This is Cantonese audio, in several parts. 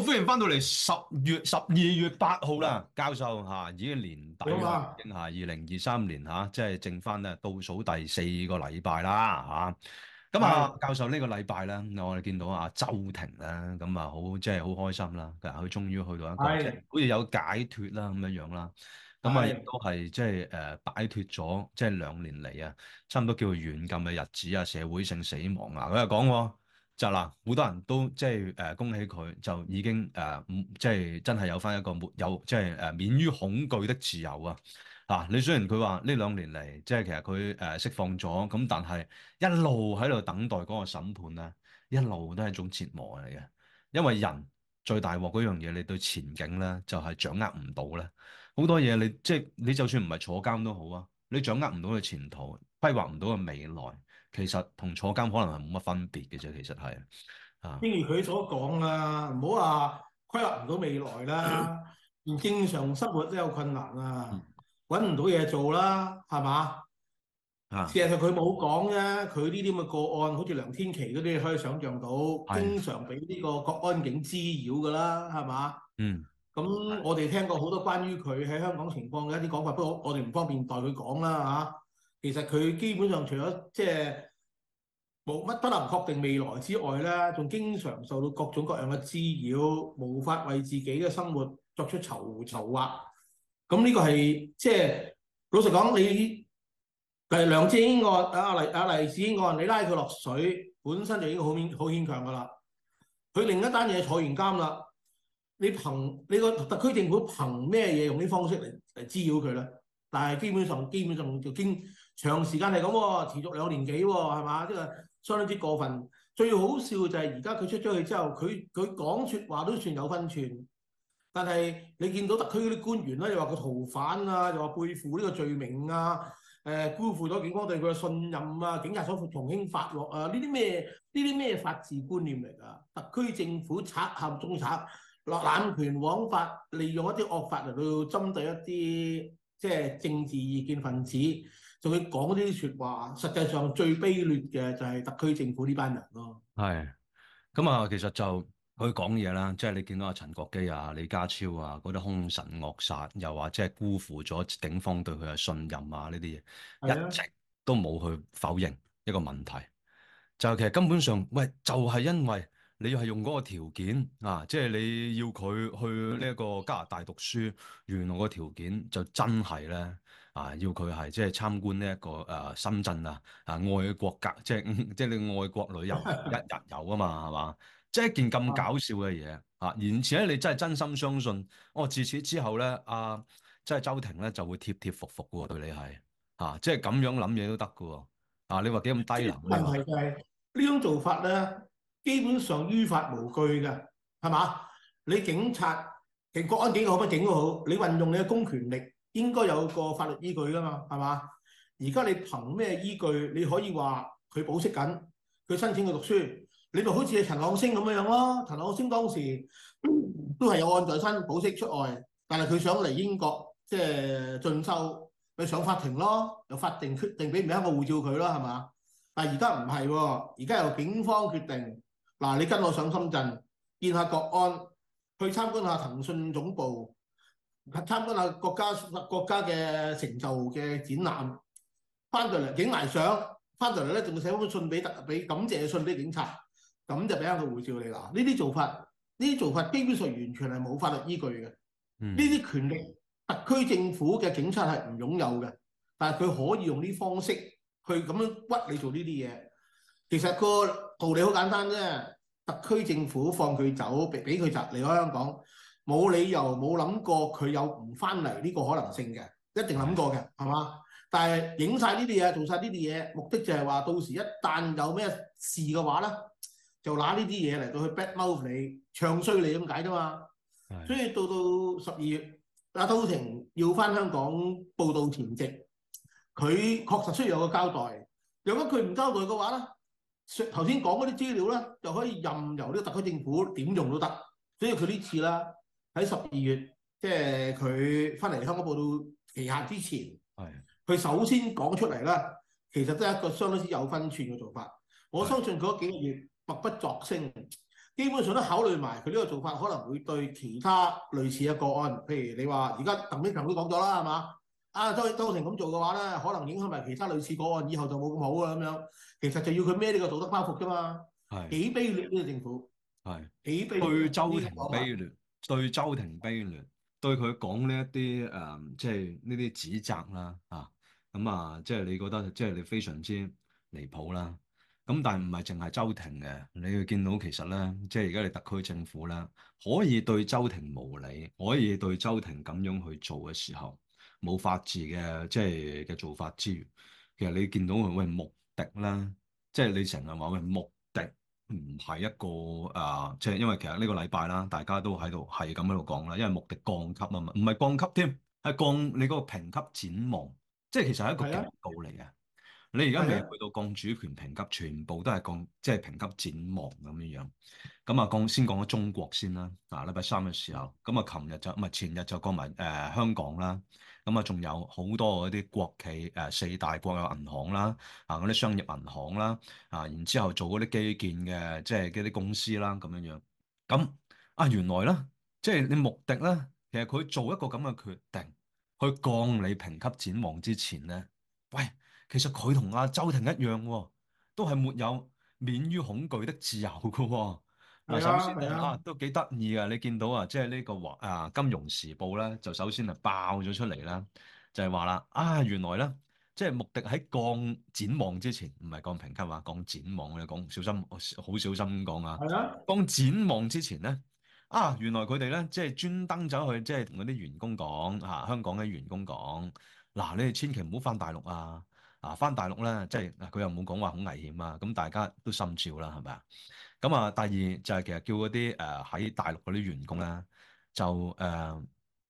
歡迎翻到嚟十月十二月八號啦，教授嚇、啊、已經年底啦，嚇二零二三年嚇、啊，即係剩翻咧倒數第四個禮拜啦，嚇。咁啊，的教授個禮呢個禮拜咧，我哋見到啊周庭咧，咁啊好即係好開心啦，佢終於去到一個，好似的有解脫啦咁樣樣啦。咁啊亦都係即係誒擺脫咗即係兩年嚟啊，的就是、啊差唔多叫做軟禁嘅日子啊，社會性死亡啊，佢又講喎。就嗱，好多人都即係誒、呃、恭喜佢，就已經誒、呃，即係真係有返一個沒有，即係誒、呃、免於恐懼的自由啊！嗱、啊，你雖然佢話呢兩年嚟，即係其實佢誒、呃、釋放咗，咁但係一路喺度等待嗰個審判咧，一路都係一種折磨嚟嘅。因為人最大鑊嗰樣嘢，你對前景咧就係、是、掌握唔到咧，好多嘢你即係你就算唔係坐監都好啊，你掌握唔到嘅前途，規劃唔到嘅未來。其實同坐監可能係冇乜分別嘅啫，其實係啊。正如佢所講啊，唔好話規劃唔到未來啦，連、嗯、正常生活都有困難啊，揾唔、嗯、到嘢做啦，係嘛？啊，事實上佢冇講啫，佢呢啲咁嘅個案，好似梁天琦嗰啲，可以想象到，經常俾呢個國安警滋擾噶啦，係嘛？嗯。咁我哋聽過好多關於佢喺香港情況嘅一啲講法，不過我哋唔方便代佢講啦嚇。其實佢基本上除咗即係。冇乜不能確定未來之外咧，仲經常受到各種各樣嘅滋擾，無法為自己嘅生活作出籌籌劃。咁呢個係即係老實講，你係黎智英案啊，黎啊黎智英案，你拉佢落水，本身就已經好勉好牽強噶啦。佢另一單嘢坐完監啦，你憑你個特區政府憑咩嘢用啲方式嚟嚟滋擾佢咧？但係基本上基本上就經長時間嚟咁喎，持續兩年幾喎、啊，係嘛？即係。相當之過分，最好笑就係而家佢出咗去之後，佢佢講説話都算有分寸，但係你見到特區嗰啲官員咧，又話佢逃犯啊，又話背負呢個罪名啊，誒、呃，辜負咗警方對佢嘅信任啊，警察所服從輕發落。啊，呢啲咩？呢啲咩法治觀念嚟㗎？特區政府賊喊捉賊，落濫權枉法，利用一啲惡法嚟到針對一啲即係政治意見分子。就佢講呢啲説話，實際上最卑劣嘅就係特區政府呢班人咯。係，咁啊，其實就佢講嘢啦，即係你見到阿陳國基啊、李家超啊嗰啲兇神惡煞，又或者係辜負咗警方對佢嘅信任啊呢啲嘢，的一直都冇去否認一個問題，就其實根本上，喂，就係、係、因為你要係用嗰個條件啊，即係你要佢去呢一個加拿大讀書，原來個條件就真係咧。啊！要佢係即係參觀呢、這、一個誒、啊、深圳啊啊外國格即係、嗯、即係你外國旅遊一日遊啊嘛係嘛？即係、就是、件咁搞笑嘅嘢啊！而且你真係真心相信，我、啊、自此之後咧，啊即係周庭咧就會貼貼服服嘅喎。對你係啊，即係咁樣諗嘢都得嘅喎啊！你話幾咁低能？問題就係呢種做法咧，基本上於法無據㗎，係嘛？你警察，其實國安警好，乜警都好，你運用你嘅公權力。應該有個法律依據㗎嘛，係嘛？而家你憑咩依據你可以話佢保釋緊？佢申請佢讀書，你咪好似陳朗升咁樣樣咯。陳朗升當時都係有案在身，保釋出外，但係佢想嚟英國即係進修，佢上法庭咯，由法庭決定俾唔俾一個護照佢咯，係嘛？但係而家唔係喎，而家由警方決定。嗱，你跟我上深圳見下國安，去參觀下騰訊總部。參觀下國家國家嘅成就嘅展覽，翻到嚟影埋相，翻到嚟咧仲會寫封信俾特俾感謝信俾警察，咁就俾一個護照你啦。呢啲做法，呢啲做法基本上完全係冇法律依據嘅。呢啲、嗯、權力，特區政府嘅警察係唔擁有嘅，但係佢可以用呢方式去咁樣屈你做呢啲嘢。其實個道理好簡單啫，特區政府放佢走，俾俾佢走離開香港。冇理由冇諗過佢有唔翻嚟呢個可能性嘅，一定諗過嘅，係嘛的？但係影晒呢啲嘢，做晒呢啲嘢，目的就係話到時一旦有咩事嘅話咧，就拿呢啲嘢嚟到去 blackmail 你，唱衰你咁解啫嘛。的所以到到十二月，阿周庭要翻香港報到前夕，佢確實需要有個交代。如果佢唔交代嘅話咧，頭先講嗰啲資料咧，就可以任由呢個特區政府點用都得。所以佢呢次啦。喺十二月，即係佢翻嚟香港報到期限之前，係佢的首先講出嚟啦。其實都係一個相當之有分寸嘅做法。我相信佢嗰幾個月默不作聲，基本上都考慮埋佢呢個做法可能會對其他類似嘅個案，譬如你話而家鄧炳強都講咗啦，係嘛？啊，周周庭咁做嘅話咧，可能影響埋其他類似個案，以後就冇咁好啊咁樣。其實就要佢孭呢個道德包袱㗎嘛。係幾的卑劣呢個政府？係幾卑對周庭卑劣。的對周庭卑劣，對佢講呢一啲誒，即係呢啲指責啦啊咁啊，即係你覺得即係你非常之離譜啦。咁但係唔係淨係周庭嘅，你會見到其實咧，即係而家你特區政府啦，可以對周庭無理，可以對周庭咁樣去做嘅時候，冇法治嘅即係嘅做法之餘，其實你見到佢喂目的啦，即係你成日話喂目。唔係一個誒、呃，即係因為其實呢個禮拜啦，大家都喺度係咁喺度講啦，因為穆迪降級啊嘛，唔係降級添，係降你嗰個評級展望，即係其實係一個警告嚟嘅。的你而家未去到降主權評級，全部都係降，即係評級展望咁樣樣。咁啊，講先講咗中國先啦，啊禮拜三嘅時候，咁啊，琴日就唔係前日就講埋誒香港啦。咁啊，仲有好多嗰啲國企，誒、呃、四大國有銀行啦，啊嗰啲商業銀行啦，啊然之後做嗰啲基建嘅，即係嗰啲公司啦，咁樣樣。咁啊，原來咧，即係你穆迪咧，其實佢做一個咁嘅決定，去降你評級展望之前咧，喂，其實佢同阿周庭一樣、哦，都係沒有免於恐懼的自由嘅、哦。首先咧，的啊，都幾得意啊。你見到啊，即係呢個華啊《金融時報》咧，就首先啊爆咗出嚟啦，就係話啦，啊，原來咧，即係穆迪喺降展望之前，唔係降評級啊。降展望。你講小心，好小心講啊。係啊的。降展望之前咧，啊，原來佢哋咧，即係專登走去，即係同嗰啲員工講吓、啊，香港嘅員工講，嗱、啊，你哋千祈唔好返大陸啊，啊，返大陸咧，即係佢又冇講話好危險啊，咁大家都心照啦，係咪啊？咁啊，第二就係、是、其實叫嗰啲誒喺大陸嗰啲員工啦，就誒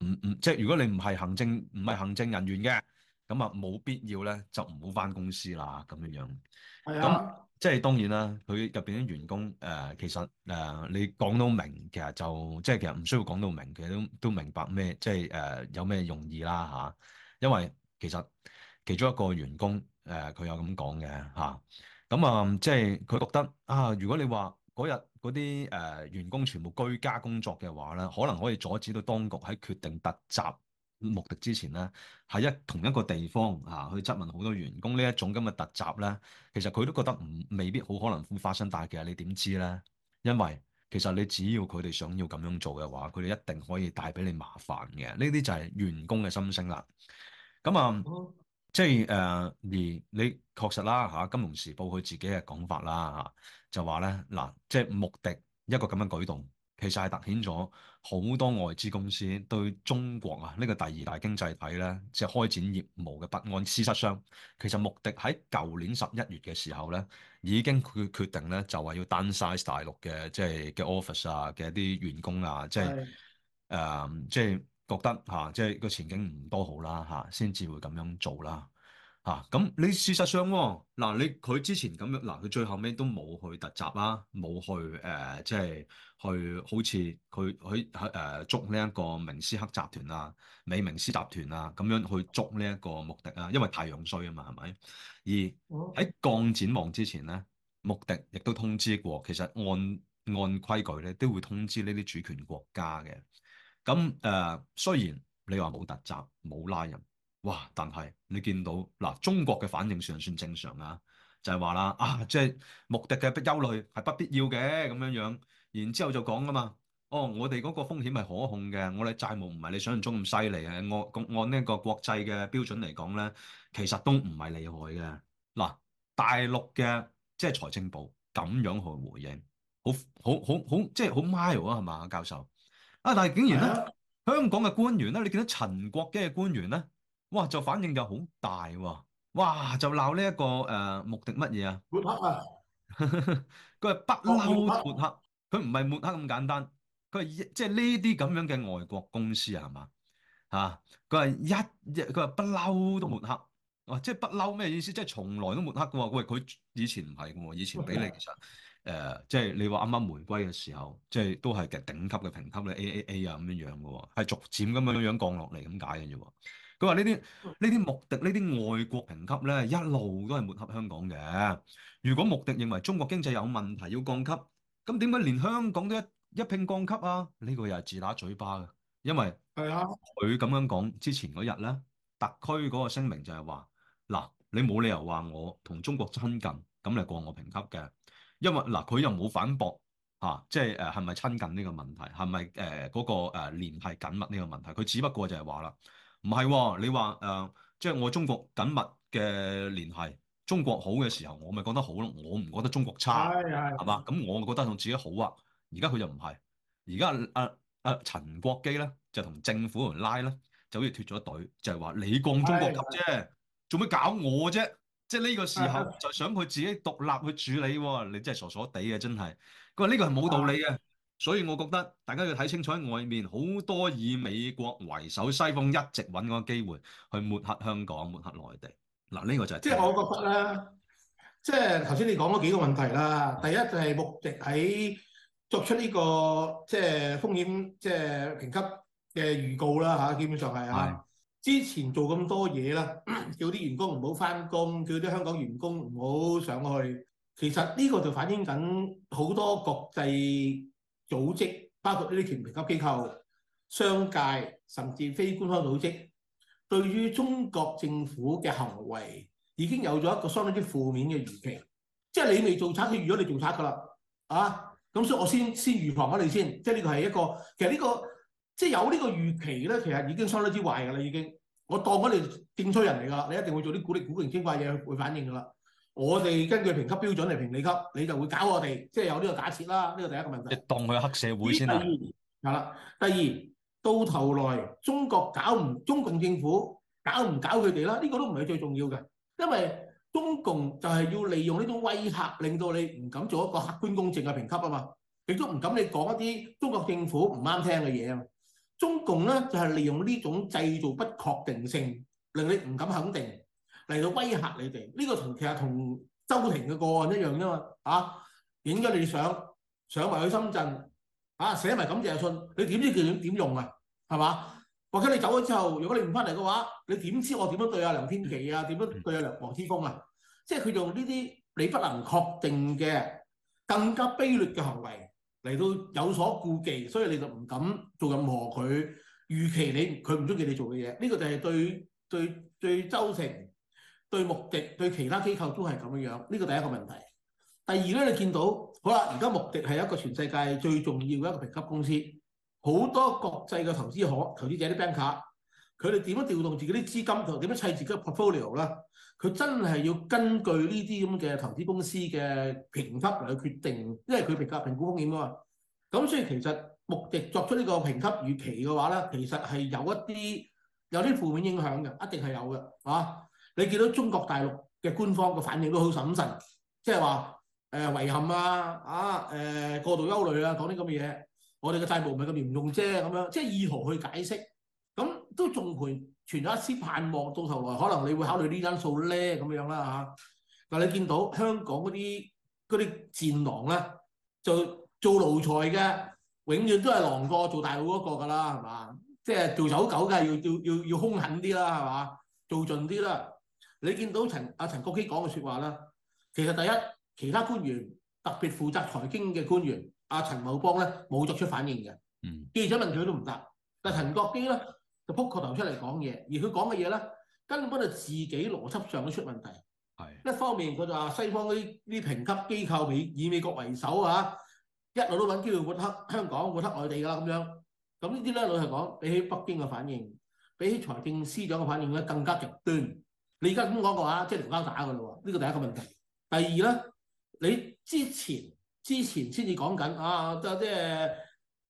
唔唔即係如果你唔係行政唔係行政人員嘅，咁啊冇必要咧就唔好返公司啦咁樣樣。係啊的，咁即係當然啦，佢入邊啲員工誒、呃、其實誒、呃、你講到明，其實就即係其實唔需要講到明，佢都都明白咩，即係誒、呃、有咩用意啦嚇、啊。因為其實其中一個員工誒佢、呃、有咁講嘅嚇。啊。咁啊，即係佢覺得啊，如果你話嗰日嗰啲誒員工全部居家工作嘅話咧，可能可以阻止到當局喺決定突襲目的之前咧，喺一同一個地方嚇、啊、去質問好多員工這種這種呢一種咁嘅突襲咧，其實佢都覺得唔未必好可能會發生大嘅，你點知咧？因為其實你只要佢哋想要咁樣做嘅話，佢哋一定可以帶俾你麻煩嘅。呢啲就係員工嘅心聲啦。咁啊。即係誒、呃，而你確實啦嚇，《金融時報》佢自己嘅講法啦嚇，就話咧嗱，即係穆迪一個咁樣舉動，其實係突顯咗好多外資公司對中國啊呢個第二大經濟體咧，即係開展業務嘅不安。事實上，其實穆迪喺舊年十一月嘅時候咧，已經佢決定咧，就話要 downsize 大陸嘅即係嘅 office 啊，嘅一啲員工啊，即係誒的、嗯，即係。覺得嚇、啊，即係個前景唔多好啦嚇，先、啊、至會咁樣做啦嚇。咁、啊、你事實上嗱、啊、你佢之前咁樣，嗱、啊、佢最後尾都冇去突襲啦，冇、啊、去誒，即、呃、係、就是、去好似佢佢誒捉呢一個明斯克集團啊、美明斯集團啊，咁樣去捉呢一個穆迪啊，因為太樣衰啊嘛，係咪？而喺降展望之前咧，穆迪亦都通知過，其實按按規矩咧，都會通知呢啲主權國家嘅。咁誒、呃，雖然你話冇突襲、冇拉人，哇！但係你見到嗱，中國嘅反應尚算正常啊，就係話啦，啊，即係目的嘅不憂慮係不必要嘅咁樣樣，然之後就講啊嘛，哦，我哋嗰個風險係可控嘅，我哋債務唔係你想像中咁犀利嘅，按按呢一個國際嘅標準嚟講咧，其實都唔係厲害嘅。嗱，大陸嘅即係財政部咁樣去回應，好好好好，即係好 mild 啊，係嘛、啊，教授？啊！但係竟然咧，香港嘅官員咧，你見到陳國基嘅官員咧，哇！就反應就好大喎，哇！就鬧呢一個誒、呃、目的乜嘢啊？抹黑啊！佢話不嬲抹黑，佢唔係抹黑咁簡單，佢係即係呢啲咁樣嘅外國公司係嘛？嚇！佢、啊、話一日佢話不嬲都抹黑，哇！即係不嬲咩意思？即係從來都抹黑嘅喎。喂，佢以前唔係嘅喎，以前俾你其實。誒，即係、呃就是、你話啱啱回歸嘅時候，即、就、係、是、都係嘅頂級嘅評級咧，A A A 啊咁樣樣嘅喎，係逐漸咁樣樣降落嚟咁解嘅啫。佢話呢啲呢啲穆迪呢啲外國評級咧一路都係抹黑香港嘅。如果穆迪認為中國經濟有問題要降級，咁點解連香港都一一拼降級啊？呢、這個又係自打嘴巴嘅，因為佢咁、嗯、樣講之前嗰日咧，特區嗰個聲明就係話嗱，你冇理由話我同中國親近咁嚟降我評級嘅。因為嗱，佢又冇反駁嚇，即係誒係咪親近呢個問題，係咪誒嗰個誒聯繫緊密呢個問題？佢只不過就係話啦，唔係、啊、你話誒，即、呃、係、就是、我中國緊密嘅聯繫，中國好嘅時候，我咪覺得好咯，我唔覺得中國差，係係係嘛？咁我就覺得同自己好啊，而家佢就唔係，而家阿阿陳國基咧就同政府嚟拉咧，就好似脫咗隊，就係、是、話你降中國級啫，做咩搞我啫？即係呢個時候的就想佢自己獨立去處理喎、哦，你真係傻傻地嘅真係。佢話呢個係冇道理嘅。的所以我覺得大家要睇清楚，喺外面好多以美國為首西方，一直揾個機會去抹黑香港、抹黑內地。嗱、啊，呢、這個就係即係我覺得咧，即係頭先你講嗰幾個問題啦。的第一就係穆迪喺作出呢、這個即係風險即係評級嘅預告啦嚇，基本上係啊。之前做咁多嘢啦，叫啲員工唔好返工，叫啲香港員工唔好上，上去。其實呢個就反映緊好多國際組織，包括呢啲權評級機構、商界甚至非官方組織，對於中國政府嘅行為已經有咗一個相當之負面嘅預期。即係你未做賊，佢預咗你做賊噶啦，啊！咁所以我先先預防你先，即係呢個係一個其實呢個。即係有呢個預期咧，其實已經相當之壞㗎啦。已經，我當佢哋勁衰人嚟㗎，你一定會做啲古靈古怪精怪嘢，會反應㗎啦。我哋根據評級標準嚟評你級，你就會搞我哋。即係有呢個假設啦，呢個第一個問題。你當佢黑社會先啊？係啦，第二到頭來中國搞唔中共政府搞唔搞佢哋啦？呢、呢個都唔係最重要嘅，因為中共就係要利用呢種威嚇，令到你唔敢做一個客觀公正嘅評級啊嘛。亦都唔敢你講一啲中國政府唔啱聽嘅嘢啊。中共咧就係、是、利用呢種製造不確定性，令你唔敢肯定嚟到威嚇你哋。呢、這個同其實同周庭嘅個案一樣啫嘛。嚇、啊，影咗你哋相，上埋去深圳，嚇寫埋感謝信，你點知佢點點用啊？係嘛？或者你走咗之後，如果你唔翻嚟嘅話，你點知我點樣對阿、啊、梁天琪啊？點樣對阿、啊、梁黃之鋒啊？即係佢用呢啲你不能確定嘅更加卑劣嘅行為。嚟到有所顧忌，所以你就唔敢做任何佢預期你佢唔中意你做嘅嘢。呢、這個就係對對對，對周成、對穆迪、對其他機構都係咁樣樣。呢、這個第一個問題。第二咧，你見到好啦，而家穆迪係一個全世界最重要嘅一個評級公司，好多國際嘅投資者、投資者啲 bank 卡、er,。佢哋點樣調動自己啲資金同點樣砌自己嘅 portfolio 咧？佢真係要根據呢啲咁嘅投資公司嘅評級嚟去決定，因為佢評價評估風險㗎嘛。咁所以其實目的作出呢個評級預期嘅話咧，其實係有一啲有啲負面影響嘅，一定係有嘅嚇、啊。你見到中國大陸嘅官方嘅反應都好審慎，即係話誒遺憾啊啊誒、呃、過度憂慮啊，講啲咁嘅嘢。我哋嘅債務唔係咁嚴重啫，咁樣即係意圖去解釋。都仲存存咗一絲盼望，到頭來可能你會考慮呢啲因素咧，咁樣啦嚇。但你見到香港嗰啲嗰啲戰狼咧，做做奴才嘅，永遠都係狼過做大佬嗰個㗎啦，係嘛？即係做走狗㗎，要要要要兇狠啲啦，係嘛？做盡啲啦。你見到陳阿陳國基講嘅説話啦，其實第一，其他官員特別負責財經嘅官員，阿陳茂波咧冇作出反應嘅。嗯。記者問佢都唔答，但係陳國基咧。就撲個頭出嚟講嘢，而佢講嘅嘢咧，根本就自己邏輯上都出問題。係的一方面，佢就話西方嗰啲啲評級機構，美以美國為首啊，一路都揾機會抹黑香港、抹黑內地㗎啦咁樣。咁呢啲咧，老實講，比起北京嘅反應，比起財政司長嘅反應咧，更加極端。你而家咁講嘅話，即係撩交打㗎啦喎。呢個第一個問題。第二咧，你之前之前先至講緊啊，即、就、係、是。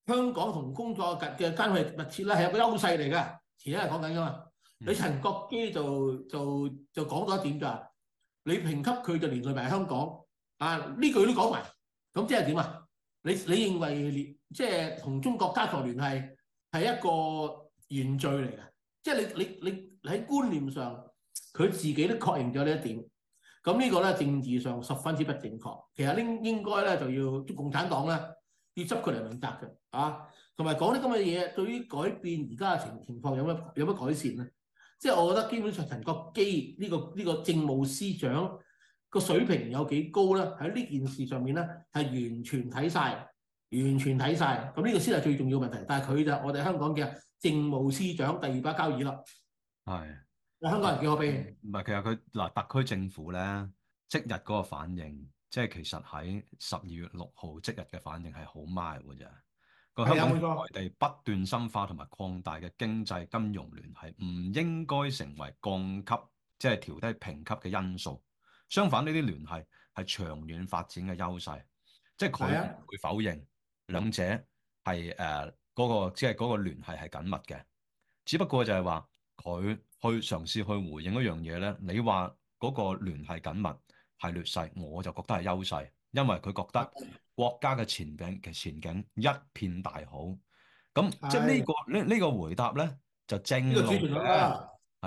香港同工作嘅嘅關係密切啦，係一個優勢嚟㗎。前一日講緊㗎嘛，你陳國基就就就講咗一點，就係你評級佢就連累埋香港啊！呢句都講埋，咁即係點啊？你你認為即係同中國加強聯繫係一個原罪嚟㗎？即係你你你喺觀念上，佢自己都確認咗呢一點。咁呢個咧政治上十分之不正確。其實應應該咧就要共產黨咧。要執佢嚟問責嘅啊，同埋講啲咁嘅嘢，對於改變而家嘅情情況有乜有乜改善咧？即係我覺得基本上陳國基呢個呢個政務司長個水平有幾高咧？喺呢件事上面咧，係完全睇晒。完全睇晒，咁呢個先係最重要問題。但係佢就係我哋香港嘅政務司長第二把交椅咯。係是。香港人幾可悲。唔係、啊啊啊，其實佢嗱，特區政府咧即日嗰個反應。即係其實喺十二月六號即日嘅反應係好 mild 㗎啫。個香港同內地不斷深化同埋擴大嘅經濟金融聯繫，唔應該成為降級即係調低評級嘅因素。相反，呢啲聯繫係長遠發展嘅優勢。即係佢唔會否認兩者係誒嗰個即係嗰個聯繫係緊密嘅？只不過就係話佢去嘗試去回應一樣嘢咧。你話嗰個聯繫緊密。係劣勢，我就覺得係優勢，因為佢覺得國家嘅前景，其 前景一片大好。咁 即係、這、呢個呢呢、這個回答咧，就正路係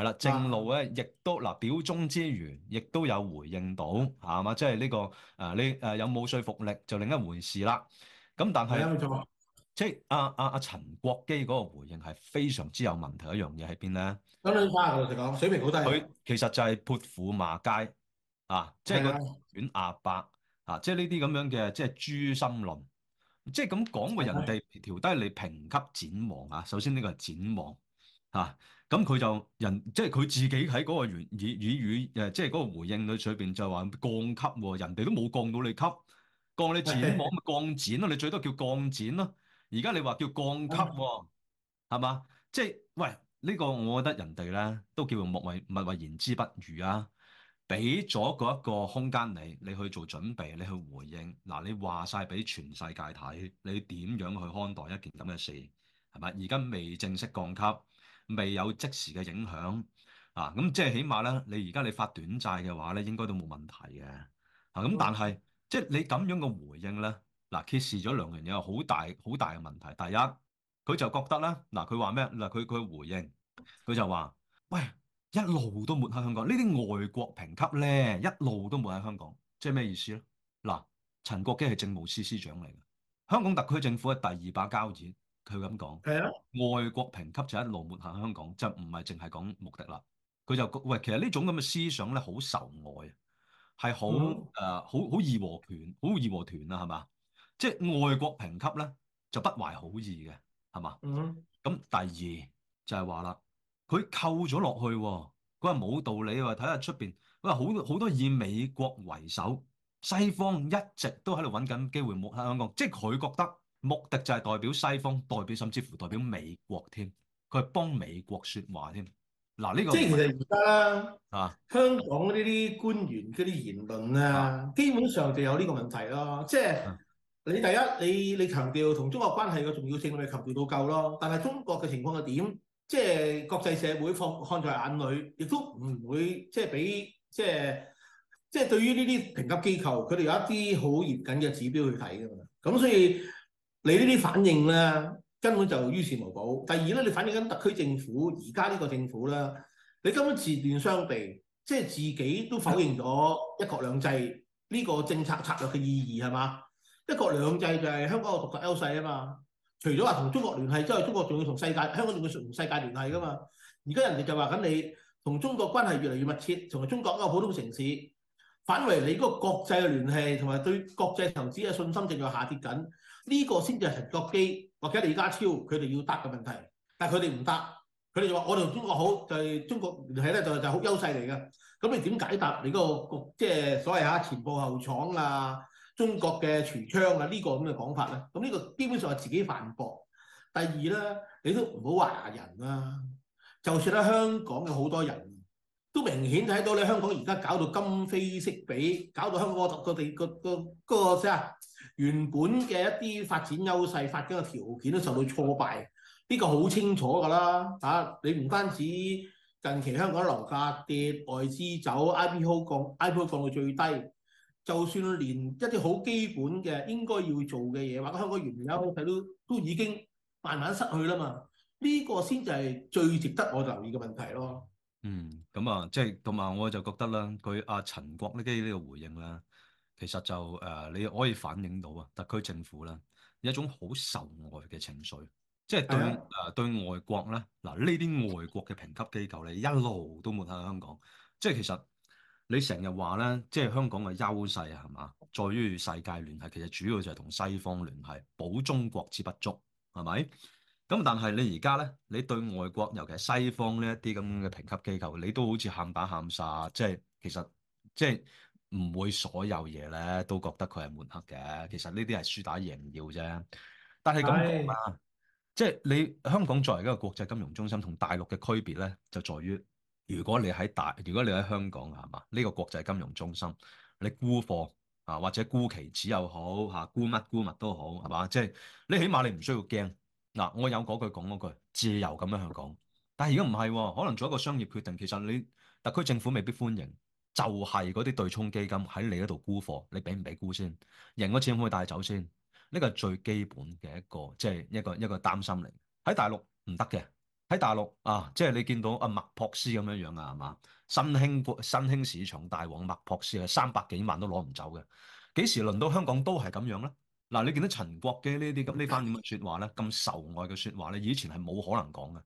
啦，啊、正路咧亦、啊、都嗱表忠之餘，亦都有回應到吓嘛， 即係呢、這個誒、啊、你誒、啊、有冇說服力就另一回事啦。咁但係 即係阿阿阿陳國基嗰個回應係非常之有問題，一樣嘢喺邊咧？咁你講水平好低，佢其實就係潑婦罵街。啊，即係個短阿伯啊，即係呢啲咁樣嘅，即係誅心論，即係咁講過人哋調低你評級展望啊。首先呢個係展望啊，咁佢就人即係佢自己喺嗰個原語語語誒，即係嗰個回應裏裏邊就話降級喎、啊，人哋都冇降到你級，降你展望降展咯、啊，你最多叫降展咯、啊。而家你話叫降級、啊，係嘛、嗯？即係喂，呢、這個我覺得人哋咧都叫做莫謂莫謂言之不預啊。俾咗嗰一個空間你，你去做準備，你去回應嗱，你話晒俾全世界睇，你點樣去看待一件咁嘅事係咪？而家未正式降級，未有即時嘅影響啊，咁即係起碼咧，你而家你發短債嘅話咧，應該都冇問題嘅啊。咁但係、嗯、即係你咁樣嘅回應咧，嗱、啊，揭示咗兩樣嘢，好大好大嘅問題。第一，佢就覺得咧，嗱、啊，佢話咩？嗱，佢佢回應，佢就話：，喂。一路都抹黑香港，呢啲外國評級咧，一路都抹黑香港，即係咩意思咧？嗱，陳國基係政務司司長嚟嘅，香港特區政府嘅第二把交椅，佢咁講。係啊的。外國評級就一路抹黑香港，就唔係淨係講穆迪啦。佢就喂，其實呢種咁嘅思想咧，好仇外啊，係好誒，好好義和團，好義和團啊，係嘛？即係外國評級咧，就不懷好意嘅，係嘛？嗯。咁、嗯、第二就係話啦。佢扣咗落去，佢話冇道理喎。睇下出邊，佢話好多好多以美國為首，西方一直都喺度揾緊機會。木香港，即係佢覺得目的就係代表西方，代表甚至乎代表美國添。佢係幫美國説話添。嗱、這個、呢個即係佢哋唔得啦，啊、香港呢啲官員嗰啲言論啊，啊基本上就有呢個問題咯。即係、啊、你第一，你你強調同中國關係嘅重要性，你提及到夠咯。但係中國嘅情況係點？即係國際社會放看在眼裏，亦都唔會即係俾即係即係對於呢啲評級機構，佢哋有一啲好嚴謹嘅指標去睇㗎嘛。咁所以你呢啲反應咧，根本就於事無補。第二咧，你反應緊特區政府而家呢個政府咧，你根本自斷雙臂，即係自己都否認咗一國兩制呢個政策策略嘅意義係嘛？一國兩制就係香港獨特優勢啊嘛。除咗話同中國聯繫之外，中國仲要同世界，香港仲要同世界聯繫噶嘛？而家人哋就話緊你同中國關係越嚟越密切，同埋中國一個普通城市，反為你嗰個國際嘅聯繫同埋對國際投資嘅信心正在下跌緊，呢、這個先至係陳國基或者李家超佢哋要答嘅問題，但係佢哋唔答，佢哋就話我哋同中國好，就係、是、中國聯繫咧就就係好優勢嚟嘅。咁你點解答你嗰、這、局、個？即、就、係、是、所謂嚇前部後廠啊？中國嘅櫥窗啊，呢個、呢呢個咁嘅講法咧，咁呢個基本上係自己反駁。第二咧，你都唔好話人啦，就算喺香港嘅好多人，都明顯睇到咧，香港而家搞到今非昔比，搞到香港、嗰個、嗰個地、嗰個、嗰個嗰即係原本嘅一啲發展優勢、發展嘅條件都受到挫敗，呢、呢個好清楚㗎啦嚇。你唔單止近期香港樓價跌，外資走，IPO 降，IPO 降到最低。就算連一啲好基本嘅應該要做嘅嘢，或者香港原有我睇到都已經慢慢失去啦嘛，呢、這個先至係最值得我留意嘅問題咯。嗯，咁啊，即係同埋我就覺得啦，佢阿陳國基呢啲呢個回應啦，其實就誒、呃、你可以反映到啊，特區政府啦有一種好受外嘅情緒，即係對誒的、呃、對外國咧，嗱呢啲外國嘅評級機構咧一路都冇睇香港，即係其實。你成日話咧，即係香港嘅優勢係嘛，在於世界聯繫，其實主要就係同西方聯繫，保中國之不足，係咪？咁但係你而家咧，你對外國，尤其係西方呢一啲咁嘅評級機構，你都好似喊打喊殺，即係其實即係唔會所有嘢咧都覺得佢係門黑嘅。其實呢啲係輸打贏要啫。但係咁講，即係你香港作為一個國際金融中心，同大陸嘅區別咧就在於。如果你喺大，如果你喺香港啊，嘛呢個國際金融中心，你沽貨啊，或者沽期指又好嚇、啊，沽乜沽乜都好，係嘛？即係你起碼你唔需要驚嗱、啊。我有句講嗰句，自由咁樣香港，但係而家唔係喎，可能做一個商業決定，其實你特區政府未必歡迎，就係嗰啲對沖基金喺你嗰度沽貨，你俾唔俾沽先？贏咗錢可唔可以帶走先？呢個係最基本嘅一個，即係一個一個擔心嚟。喺大陸唔得嘅。喺大陸啊，即係你見到阿麥樸斯咁樣樣啊，係嘛？新興新興市場大王麥樸斯係三百幾萬都攞唔走嘅，幾時輪到香港都係咁樣咧？嗱、啊，你見到陳國基呢啲咁呢番咁嘅說話咧，咁仇外嘅說話咧，以前係冇可能講嘅，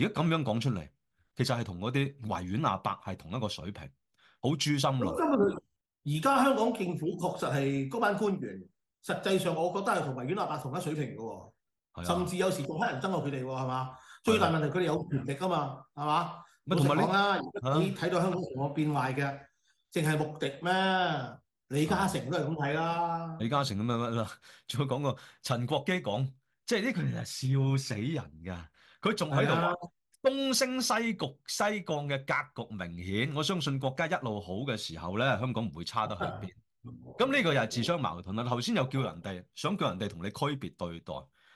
而家咁樣講出嚟，其實係同嗰啲維園阿伯係同一個水平，好誅心㗎。而家香港政府確實係嗰班官員，實際上我覺得係同維園阿伯同一水平噶，的甚至有時仲可能憎我佢哋喎，係嘛？最大問題佢哋有權力啊嘛，係嘛、嗯？乜同埋你睇到香港情況變壞嘅，淨係、嗯、目的咩？李嘉誠都係咁睇啦。李嘉誠咁又乜啦？仲要講個陳國基講，即係呢個人係笑死人㗎。佢仲喺度話東升西局西降嘅格局明顯。我相信國家一路好嘅時候咧，香港唔會差得去邊。咁呢、嗯嗯、個又係自相矛盾啦。頭先又叫人哋想叫人哋同你區別對待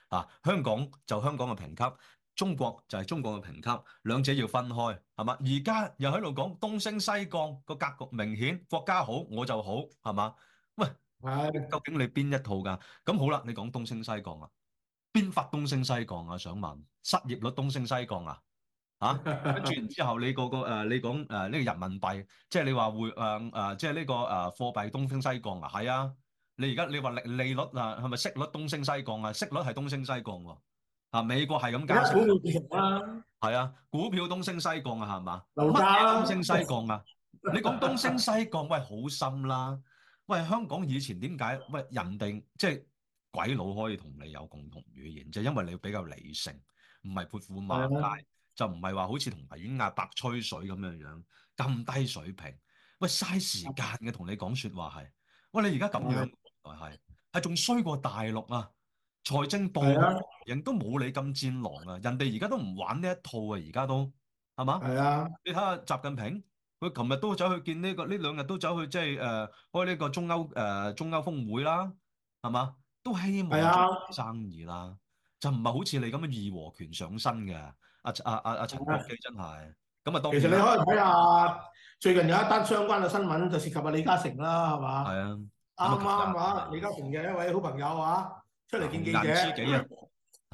啊，啊，香港就香港嘅評級，中國就係中國嘅評級，兩者要分開，係嘛？而家又喺度講東升西降，個格局明顯，國家好我就好，係嘛？喂，究竟你邊一套㗎？咁好啦，你講東升西降啊？邊發東升西降啊？想問失業率東升西降啊？嚇、啊？跟住 然之後，你個個誒，你講誒呢個人民幣，即係你話會誒誒，即係呢個誒貨幣東升西降啊？係啊，你而家你話利利率啊，係咪息率東升西降啊？息率係東升西降喎、啊。啊，美國係咁解釋，係啊，股票東升西降啊，係嘛？咩東升西降啊？ 你講東升西降，喂，好深啦！喂，香港以前點解喂人哋即係鬼佬可以同你有共同語言，就因為你比較理性，唔係潑婦罵街， 就唔係話好似同埋軟壓白吹水咁樣樣咁低水平。喂，嘥時間嘅同你講說話係，喂，你而家咁樣係係仲衰過大陸啊？財政部人都冇你咁戰狼啊！人哋而家都唔玩呢一套啊，而家都係嘛？係啊，你睇下習近平佢琴日都走去見呢個呢兩日都走去即係誒開呢個中歐誒中歐峰會啦，係嘛？都希望啊，做生意啦，就唔係好似你咁嘅義和拳上身嘅阿阿阿阿陳國基真係咁啊。其實你可以睇下最近有一單相關嘅新聞，就涉及阿李嘉誠啦，係嘛？係啊，啱啱啊，李嘉誠嘅一位好朋友啊。出嚟見記者係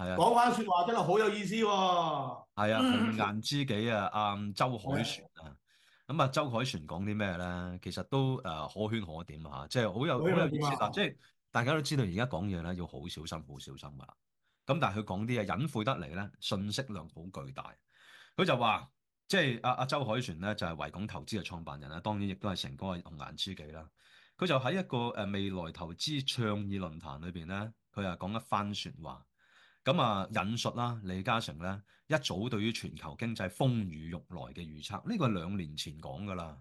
啊，講翻說話真係好有意思喎。係啊，啊嗯、紅顏知己啊，阿周凱旋啊。咁麼啊，周凱旋講啲咩咧？其實都誒、啊、可圈可點啊，即係好有好、啊、有意思啦、啊。即、就、係、是、大家都知道，而家講嘢咧要好小心，好小心噶、啊。咁但係佢講啲嘢隱晦得嚟咧，信息量好巨大。佢就話即係阿阿周凱旋咧，就係、是、維、啊啊、港投資嘅創辦人啦。當然亦都係成功嘅紅顏知己啦。佢就喺一個誒未來投資倡議論壇裏邊咧。佢啊講一番説話，咁啊引述啦李嘉誠咧一早對於全球經濟風雨欲來嘅預測，呢個係兩年前講噶啦，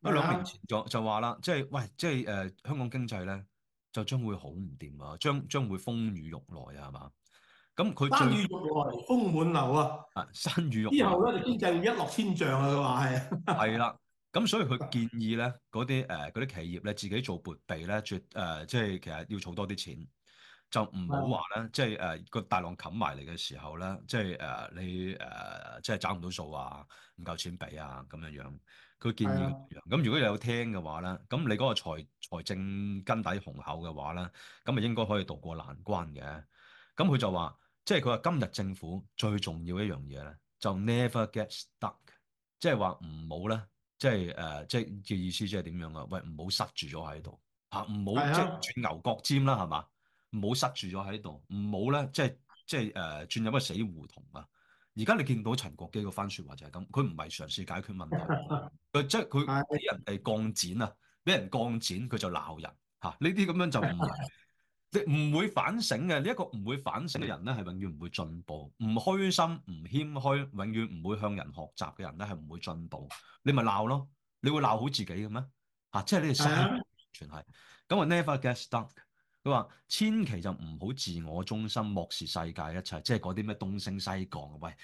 一的兩年前就就話啦，即係喂，即係誒、呃、香港經濟咧就將會好唔掂啊，將將會風雨欲來啊，係嘛？咁佢風雨欲來，風滿樓啊！啊，山雨欲來之後咧，經濟一落千丈啊！佢話係係啦，咁 所以佢建議咧嗰啲誒啲企業咧自己做撥備咧，絕誒即係其實要儲多啲錢。就唔好話咧，即係誒個大浪冚埋嚟嘅時候咧，uh, uh, 即係誒你誒即係找唔到數啊，唔夠錢俾啊咁樣樣。佢建議咁，如果你有聽嘅話咧，咁你嗰個財，財政根底雄厚嘅話咧，咁咪應該可以渡過難關嘅。咁佢就話，即係佢話今日政府最重要一樣嘢咧，就 never get stuck，即係話唔好咧，即係誒、uh, 即係嘅意思即係點樣啊？喂，唔好塞住咗喺度嚇，唔好即係轉牛角尖啦，係嘛？唔好塞住咗喺度，唔好咧，即係即係誒、呃，轉入一個死胡同啊！而家你見到陳國基個番説話就係咁，佢唔係嘗試解決問題，佢即係佢俾人哋降剪啊，俾人降剪佢就鬧人嚇，呢啲咁樣就唔係，你唔會反省嘅。呢一個唔會反省嘅人咧，係永遠唔會進步，唔虛心，唔謙虛，永遠唔會向人學習嘅人咧，係唔會進步。你咪鬧咯，你會鬧好自己嘅咩？嚇、啊，即係你哋生活全係。咁啊我，never get stuck。佢話：千祈就唔好自我中心，漠視世界一切，即係嗰啲咩東升西降啊！喂，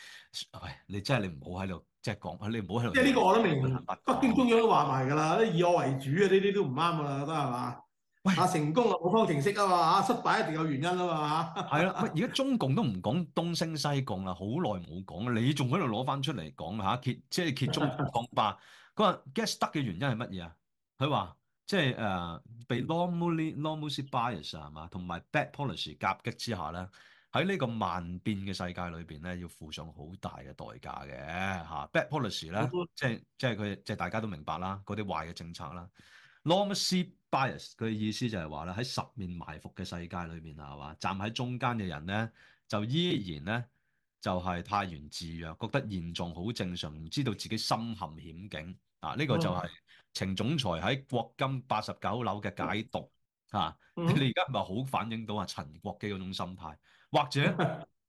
喂，你真係你唔好喺度，即係講，你唔好喺度。即係呢個我都明，北京中央都話埋㗎啦，以我為主啊！呢啲都唔啱㗎啦，都係嘛？喂，成功啊，冇方程式啊嘛，嚇，失敗一定有原因啊嘛，嚇。 係啦，而家中共都唔講東升西降啦，好耐冇講，你仲喺度攞翻出嚟講嚇，揭即係揭中共講法。佢話 get stuck 嘅 原因係乜嘢啊？佢話。即係誒、uh, 被 norm normally normative bias 係嘛，同埋 bad policy 夾擊之下咧，喺呢個萬變嘅世界裏邊咧，要付上好大嘅代價嘅嚇。bad policy 咧， 即係即係佢即係大家都明白啦，嗰啲壞嘅政策啦。normally bias 佢嘅意思就係話啦，喺十面埋伏嘅世界裏面啊，係嘛，站喺中間嘅人咧，就依然咧，就係太原自若，覺得現狀好正常，唔知道自己深陷險境啊！呢個就係程總裁喺國金八十九樓嘅解讀啊！你而家係咪好反映到啊？陳國基嗰種心態，或者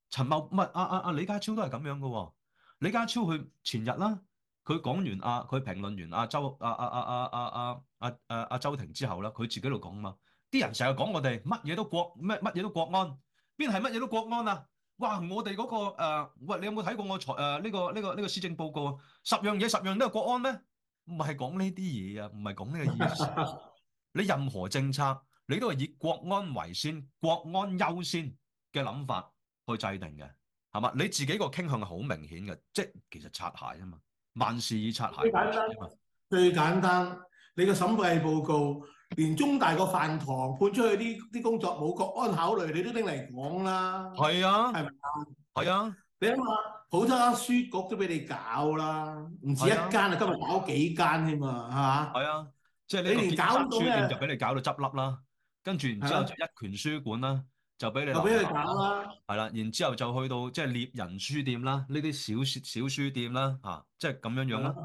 陳、呃、茂唔係阿阿李家超都係咁樣噶、啊？李家超佢前日啦、啊，佢講完阿佢評論完阿周阿阿阿阿阿阿阿阿阿周庭之後啦，佢自己度講嘛，啲人成日講我哋乜嘢都國咩乜嘢都國安，邊係乜嘢都國安啊？哇！我哋嗰個誒，喂，你有冇睇過我財誒呢個呢個呢個施政報告啊？十樣嘢，十樣都係國安咩？唔係講呢啲嘢啊，唔係講呢個意思。 你任何政策，你都係以國安為先，國安優先嘅諗法去制定嘅，係嘛？你自己個傾向係好明顯嘅，即係其實擦鞋啊嘛，萬事以擦鞋。最簡單，最簡單，你個審計報告。連中大個飯堂判出去啲啲工作冇國安考慮，你都拎嚟講啦。係啊，係咪啊？係啊。你諗下，普通書局都俾你搞啦，唔止一間啊，今日搞咗幾間添啊，係係啊，即係你連搞到書店就俾你搞到執笠啦。跟住、啊、然後之後就一拳書館啦，就俾你俾佢搞啦。係啦、啊，然之後就去到即係獵人書店啦，呢啲小書小書店啦，吓，即係咁樣樣啦，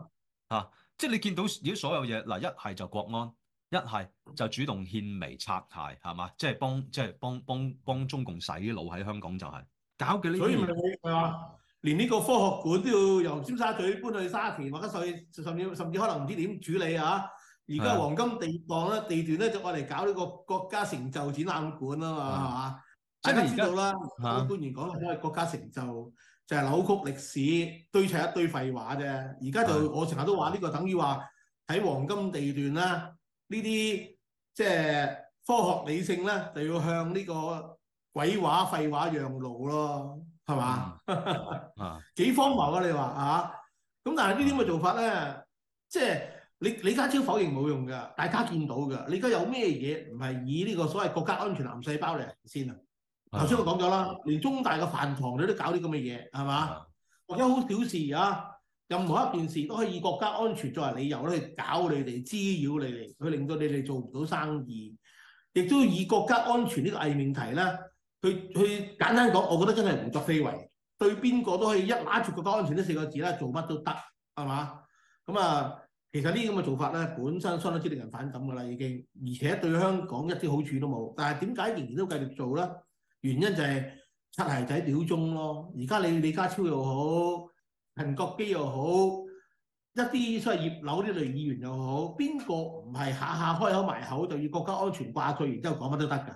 吓，即係你見到而家所有嘢嗱，一係就國安。一係就主動獻媚拆台，係嘛？即係幫，即係幫幫幫中共洗腦喺香港就係、是、搞嘅呢啲，所以咪會係嘛？連呢個科學館都要由尖沙咀搬去沙田或者甚至甚至甚至可能唔知點處理啊？而家黃金地段咧，地段咧就愛嚟搞呢個國家成就展覽館啊嘛，係嘛吧？大家知道啦，吧官員講話所謂國家成就就係扭曲歷史，堆砌一堆廢話啫。而家就吧我成日都話呢、這個等於話喺黃金地段啦。呢啲即係科學理性咧，就要向呢個鬼話、廢話讓路咯，係嘛、嗯嗯？ 啊，幾荒謬啊！你話啊？咁但係呢啲咁嘅做法咧，即係你李家超否認冇用噶，大家見到噶。你而家有咩嘢唔係以呢個所謂國家安全癌細胞嚟行先啊？頭先、嗯、我講咗啦，嗯、連中大嘅飯堂你都搞啲咁嘅嘢，係嘛？我講好小事啊！任何一件事都可以以國家安全作為理由咧，去搞你哋、滋擾你哋，去令到你哋做唔到生意，亦都以國家安全呢個偽命題咧，去去簡單講，我覺得真係胡作非為，對邊個都可以一拉住國家安全呢四個字咧，做乜都得，係嘛？咁、嗯、啊，其實呢啲咁嘅做法咧，本身相當之令人反感噶啦，已經，而且對香港一啲好處都冇。但係點解仍然都繼續做咧？原因就係、是、擦鞋仔屌鐘咯。而家你李家超又好。陳國基又好，一啲所謂葉劉呢類議員又好，邊個唔係下下開口埋口就要國家安全掛句，然之後講乜都得㗎？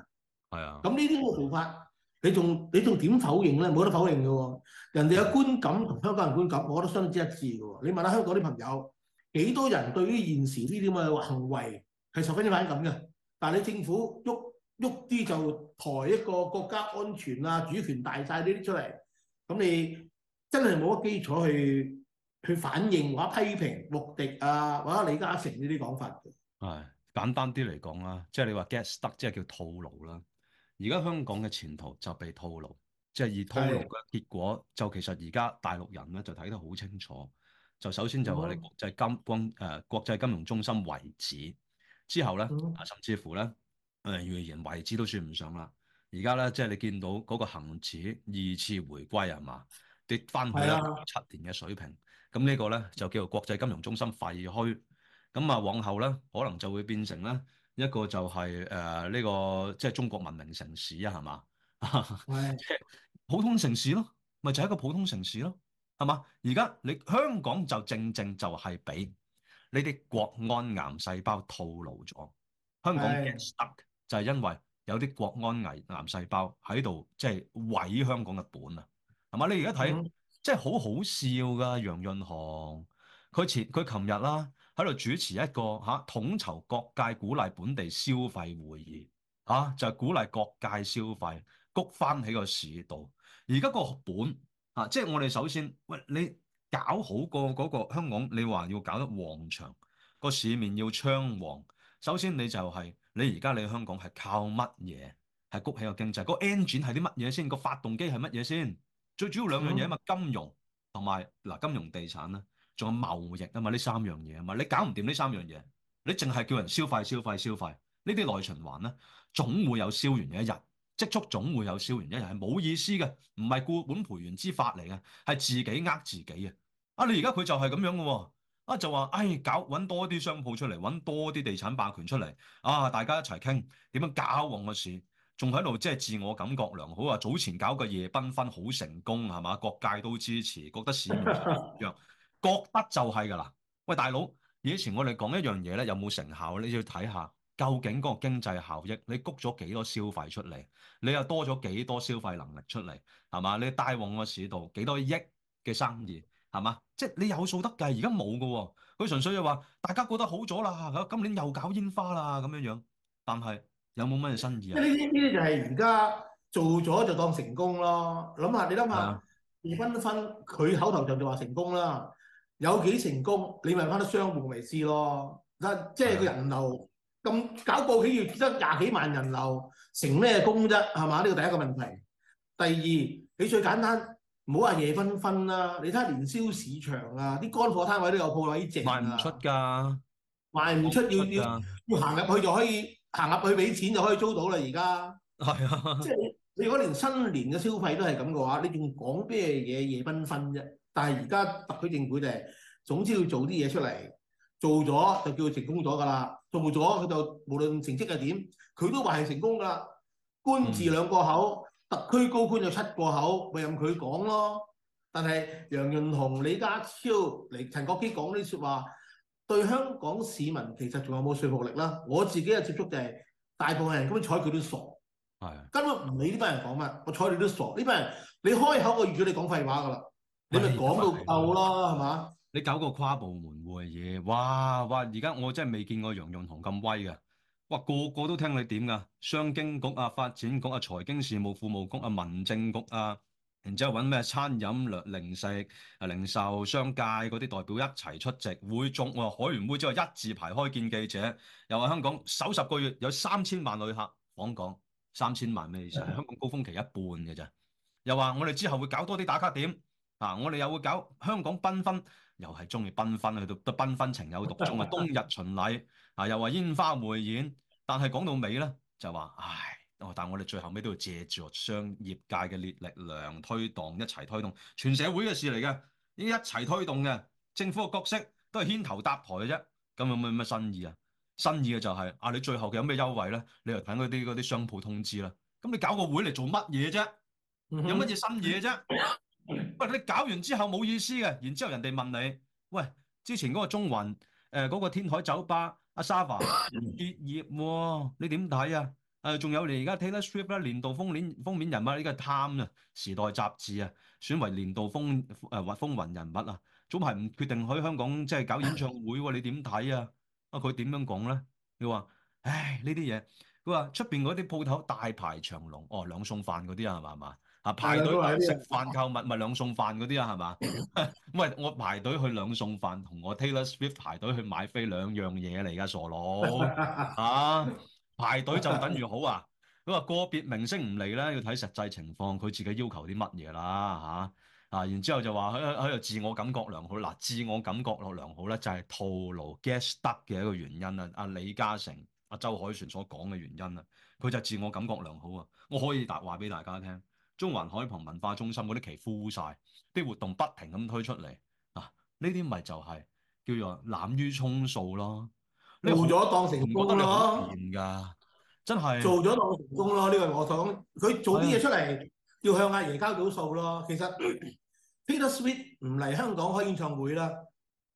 係啊的，咁呢啲嘅做法，你仲你仲點否認咧？冇得否認嘅喎，人哋嘅觀感同香港人觀感，我覺得相當之一致嘅喎。你問下香港啲朋友，幾多人對於現時呢啲咁嘅行為係十分之反感嘅？但係你政府喐喐啲就抬一個國家安全啊、主權大晒呢啲出嚟，咁你？真係冇乜基礎去去反應或者批評穆迪啊，或者李嘉誠呢啲講法嘅。係簡單啲嚟講啦，即係你話 get stuck，即係叫套路啦。而家香港嘅前途就被套路，即係以套路嘅結果是就其實而家大陸人咧就睇得好清楚。就首先就話你國際金光誒、mm hmm. 國際金融中心遺址之後咧、mm hmm. 甚至乎咧誒完全遺址都算唔上啦。而家咧即係你見到嗰個恆指二次回歸係嘛？跌翻去的七年嘅水平，咁呢個咧就叫做國際金融中心廢墟。咁啊，往後咧可能就會變成咧一個就係誒呢個即係中國文明城市啊，係嘛？的 普通城市咯，咪就係、是、一個普通城市咯，係嘛？而家你香港就正正就係俾你啲國安癌細胞套路咗，香港 stuck 的就係因為有啲國安癌癌細胞喺度，即、就、係、是、毀香港嘅本啊！係嘛？你而家睇即係好好笑㗎。楊潤雄佢前佢琴日啦，喺度、啊、主持一個嚇、啊、統籌各界鼓勵本地消費會議嚇、啊，就係、是、鼓勵各界消費，谷翻喺個市度，而家個本啊，即係我哋首先喂你搞好、嗰個、嗰個、香港，你話要搞得旺場，個市面要昌旺。首先你就係、是、你而家你香港係靠乜嘢？係谷起個經濟，個 engine 係啲乜嘢先？個發動機係乜嘢先？最主要兩樣嘢啊嘛，金融同埋嗱，金融、地產咧，仲有貿易啊嘛，呢三樣嘢啊嘛，你搞唔掂呢三樣嘢，你淨係叫人消費、消費、消費，內呢啲內循環咧，總會有消完嘅一日，積蓄總會有消完一日，係冇意思嘅，唔係固本培元之法嚟嘅，係自己呃自己嘅。啊，你而家佢就係咁樣嘅喎，啊就話，哎，搞揾多啲商鋪出嚟，揾多啲地產霸權出嚟，啊大家一齊傾點樣搞旺個事。仲喺度即係自我感覺良好，話早前搞個夜繽紛好成功係嘛？各界都支持，覺得市面咁樣，覺得就係㗎啦。喂，大佬，以前我哋講一樣嘢咧，有冇成效？你要睇下究竟嗰個經濟效益，你谷咗幾多消費出嚟？你又多咗幾多消費能力出嚟？係嘛？你帶旺個市道幾多億嘅生意？係嘛？即係你有數得計，而家冇噶喎。佢純粹就話大家覺得好咗啦，今年又搞煙花啦咁樣樣，但係。有冇咩新意啊？呢啲呢啲就係而家做咗就當成功咯。諗下你諗下，啊、夜分分佢口頭就就話成功啦，有幾成功？你問翻啲商戶咪知咯。嗱，即係個人流咁搞個幾月得廿幾萬人流，成咩工啫？係嘛？呢個第一個問題。第二，你最簡單，唔好話夜分分啦。你睇下年宵市場啊，啲乾貨攤位都有鋪位直賣唔出㗎，賣唔出要要要行入去就可以。行入去俾錢就可以租到啦！而家係啊，即係你，如果連新年嘅消費都係咁嘅話，你仲講咩嘢夜繽紛啫？但係而家特區政府就係、是、總之要做啲嘢出嚟，做咗就叫佢成功咗㗎啦，做冇咗佢就無論成績係點，佢都話係成功㗎啦。官字兩個口，特區高官就七個口，咪任佢講咯。但係楊潤雄、李家超嚟陳國基講啲説話，對香港市民其實仲有冇說服力啦？我自己嘅接觸就係大部分人根本睬佢都傻，根本唔理呢班人講乜，我睬你都傻。呢班人，你開口我預咗你講廢話噶啦，的你咪講到夠咯，係嘛的？吧你搞個跨部門會嘅嘢，哇哇！而家我真係未見過楊潤雄咁威㗎，哇，個個都聽你點㗎？商經局啊、發展局啊、財經事務庫務局啊、民政局啊。然之後揾咩餐飲、零零食、零售商界嗰啲代表一齊出席會中喎、哦，海員會之後一字排開見記者，又話香港首十個月有三千萬旅客訪港，港，三千萬咩意思？香港高峰期一半嘅咋？又話我哋之後會搞多啲打卡點，嗱、啊、我哋又會搞香港繽紛，又係鍾意繽紛，去到都繽紛情有獨鍾啊！冬日巡禮啊，又話煙花匯演，但係講到尾咧就話唉。但係我哋最後尾都要借助商業界嘅列力量推動一齊推動，全社會嘅事嚟嘅，依一齊推動嘅政府嘅角色都係牽頭搭台嘅啫。咁有冇乜新意啊？新意嘅就係、是、啊，你最後有咩優惠咧？你又等嗰啲啲商鋪通知啦。咁你搞個會嚟做乜嘢啫？有乜嘢新嘢啫？喂，你搞完之後冇意思嘅，然之後人哋問你，喂，之前嗰個中環誒嗰、呃那個天台酒吧阿沙華結業喎、哦，你點睇啊？誒，仲有你而家 Taylor Swift 啦，年度封面封面人物呢個 Time 啊，《時代雜誌》啊，選為年度風誒風雲人物啊。總係唔決定去香港即係搞演唱會喎，你點睇啊？啊，佢點樣講咧？佢話，唉，呢啲嘢，佢話出邊嗰啲鋪頭大排長龍，哦，兩餸飯嗰啲啊，係嘛嘛？啊，排隊食飯購物咪兩餸飯嗰啲啊，係嘛？喂， 我排隊去兩餸飯，同我 Taylor Swift 排隊去買飛兩樣嘢嚟㗎，傻佬嚇！啊排隊就等於好啊！佢話個別明星唔嚟咧，要睇實際情況，佢自己要求啲乜嘢啦嚇啊！然之後就話佢佢佢自我感覺良好。嗱、啊，自我感覺良好咧，就係套路 get 得嘅一個原因啦。阿、啊、李嘉誠、阿、啊、周海旋所講嘅原因啦，佢就自我感覺良好啊！我可以大話俾大家聽，中環海旁文化中心嗰啲期呼晒啲活動不停咁推出嚟啊！呢啲咪就係、是、叫做攬於充數咯～做咗當成功咯，噶，真係做咗當成功咯。呢個我所講，佢做啲嘢出嚟的要向阿爺交到數咯。其實 Peter Sweet 唔嚟香港開演唱會啦，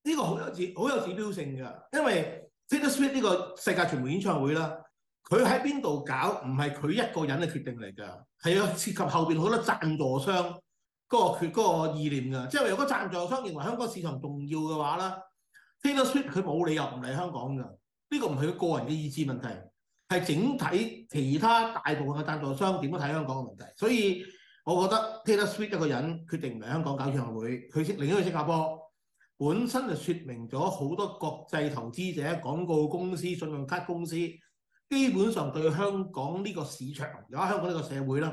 呢個好有指好有指標性噶。因為 Peter Sweet 呢個世界傳媒演唱會啦，佢喺邊度搞唔係佢一個人嘅決定嚟㗎，係要涉及後邊好多贊助商嗰個決嗰個意念㗎。即係如果贊助商認為香港市場重要嘅話咧。Taylor Swift 佢冇理由唔嚟香港㗎，呢個唔係佢個人嘅意志問題，係整體其他大部分嘅贊助商點樣睇香港嘅問題。所以我覺得 Taylor Swift 一個人決定唔嚟香港搞演唱會，佢另啲去新加坡，本身就説明咗好多國際投資者、廣告公司、信用卡公司基本上對香港呢個市場，又喺香港呢個社會啦，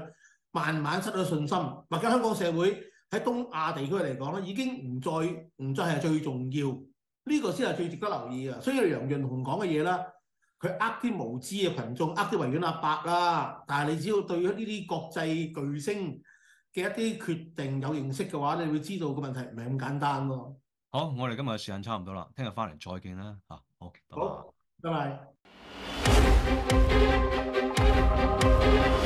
慢慢失去信心，或者香港社會喺東亞地區嚟講咧，已經唔再唔再係最重要。呢個先係最值得留意啊！所以楊潤雄講嘅嘢啦，佢呃啲無知嘅群眾，呃啲維園阿伯啦。但係你只要對於呢啲國際巨星嘅一啲決定有認識嘅話，你會知道個問題唔係咁簡單喎，啊。好，我哋今日嘅時間差唔多啦，聽日翻嚟再見啦嚇。好，好，拜拜。拜拜。